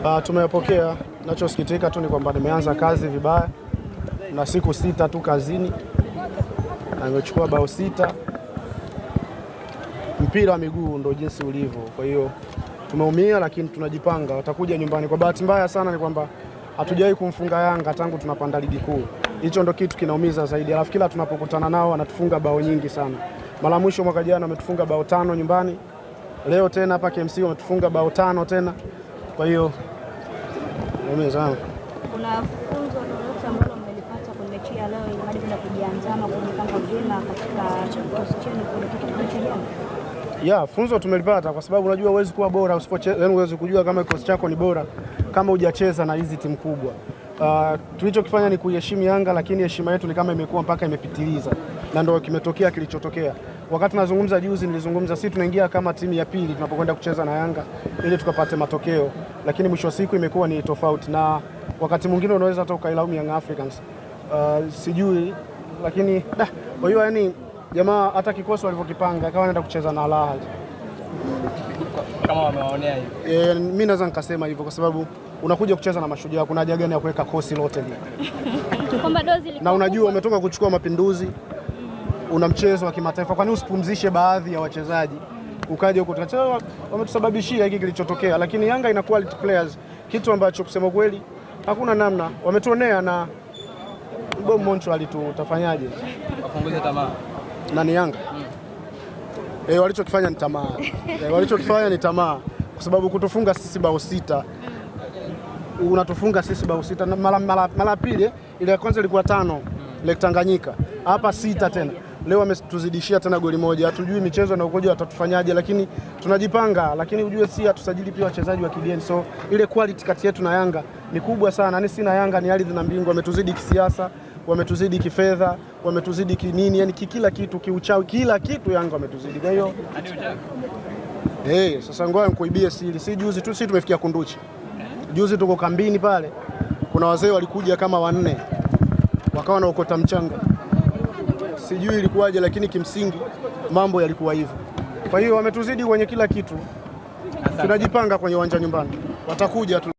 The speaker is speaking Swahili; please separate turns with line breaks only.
Uh, ah, tumepokea. Nachosikitika tu ni kwamba nimeanza kazi vibaya na siku sita tu kazini na nimechukua bao sita. Mpira wa miguu ndo jinsi ulivyo, kwa hiyo tumeumia, lakini tunajipanga, watakuja nyumbani. Kwa bahati mbaya sana ni kwamba hatujawahi kumfunga Yanga tangu tunapanda ligi kuu. Hicho ndo kitu kinaumiza zaidi, alafu kila tunapokutana nao wanatufunga bao nyingi sana. Mara mwisho mwaka jana wametufunga bao tano nyumbani, leo tena hapa KMC wametufunga bao tano tena. Kwa hiyo mimi wenzangu,
kuna funzo lolote ambalo mmelipata kwenye mechi ya leo ili hadi bila kujianzama kujipanga vyema katika kikosi chenu kuelekea mechi ijayo?
Ya, funzo tumelipata kwa sababu unajua huwezi kuwa bora usipocheza, yani huwezi kujua kama kikosi chako ni bora kama hujacheza na hizi timu kubwa. Uh, tulichokifanya ni kuheshimu Yanga, lakini heshima yetu ni kama imekuwa mpaka imepitiliza, na ndio kimetokea kilichotokea. Wakati nazungumza juzi, nilizungumza sisi tunaingia kama timu ya pili tunapokwenda kucheza na Yanga ili tukapate matokeo, lakini mwisho wa siku imekuwa ni tofauti, na wakati mwingine unaweza hata ukailaumu Young Africans uh, sijui, lakini da, kwa hiyo yani jamaa hata kikosi walivyokipanga akawa anaenda kucheza na Al Ahly
kama wamewaonea
hivyo. E, mimi naweza nikasema hivyo kwa sababu unakuja kucheza na Mashujaa, kuna haja gani ya kuweka kosi lote lile? na unajua umetoka kuchukua mapinduzi una mchezo wa kimataifa, kwani usipumzishe baadhi ya wachezaji ukaja huko tukacheza, wametusababishia hiki kilichotokea. Lakini Yanga ina quality players, kitu ambacho kusema kweli hakuna namna, wametuonea na Bob Moncho alitutafanyaje?
Wapunguze tamaa
na ni Yanga Mm. Eh, walichokifanya ni tamaa Eh, walichokifanya ni tamaa, kwa sababu kutufunga sisi bao sita, unatufunga sisi bao sita mara mara pili, ile ya kwanza ilikuwa tano mm. Lake Tanganyika, hapa sita tena leo wametuzidishia tena goli moja. Hatujui michezo na ukoja watatufanyaje, lakini tunajipanga, lakini ujue si hatusajili pia wachezaji wa kigeni, so ile quality kati yetu na Yanga ni kubwa sana. Ni yaani si na Yanga ni ardhi na mbingu. Wametuzidi kisiasa, wametuzidi kifedha, wametuzidi kinini, yani kila kitu, kiuchawi, kila kitu Yanga wametuzidi. Kwa hiyo hey, sasa ngoja nikuibie siri, si juzi tu si tumefikia Kunduchi, juzi tuko kambini pale, kuna wazee walikuja kama wanne wakawa na ukota mchanga sijui ilikuwaje, lakini kimsingi mambo yalikuwa hivyo. Kwa hiyo wametuzidi kwenye kila kitu, tunajipanga kwenye uwanja nyumbani, watakuja tu.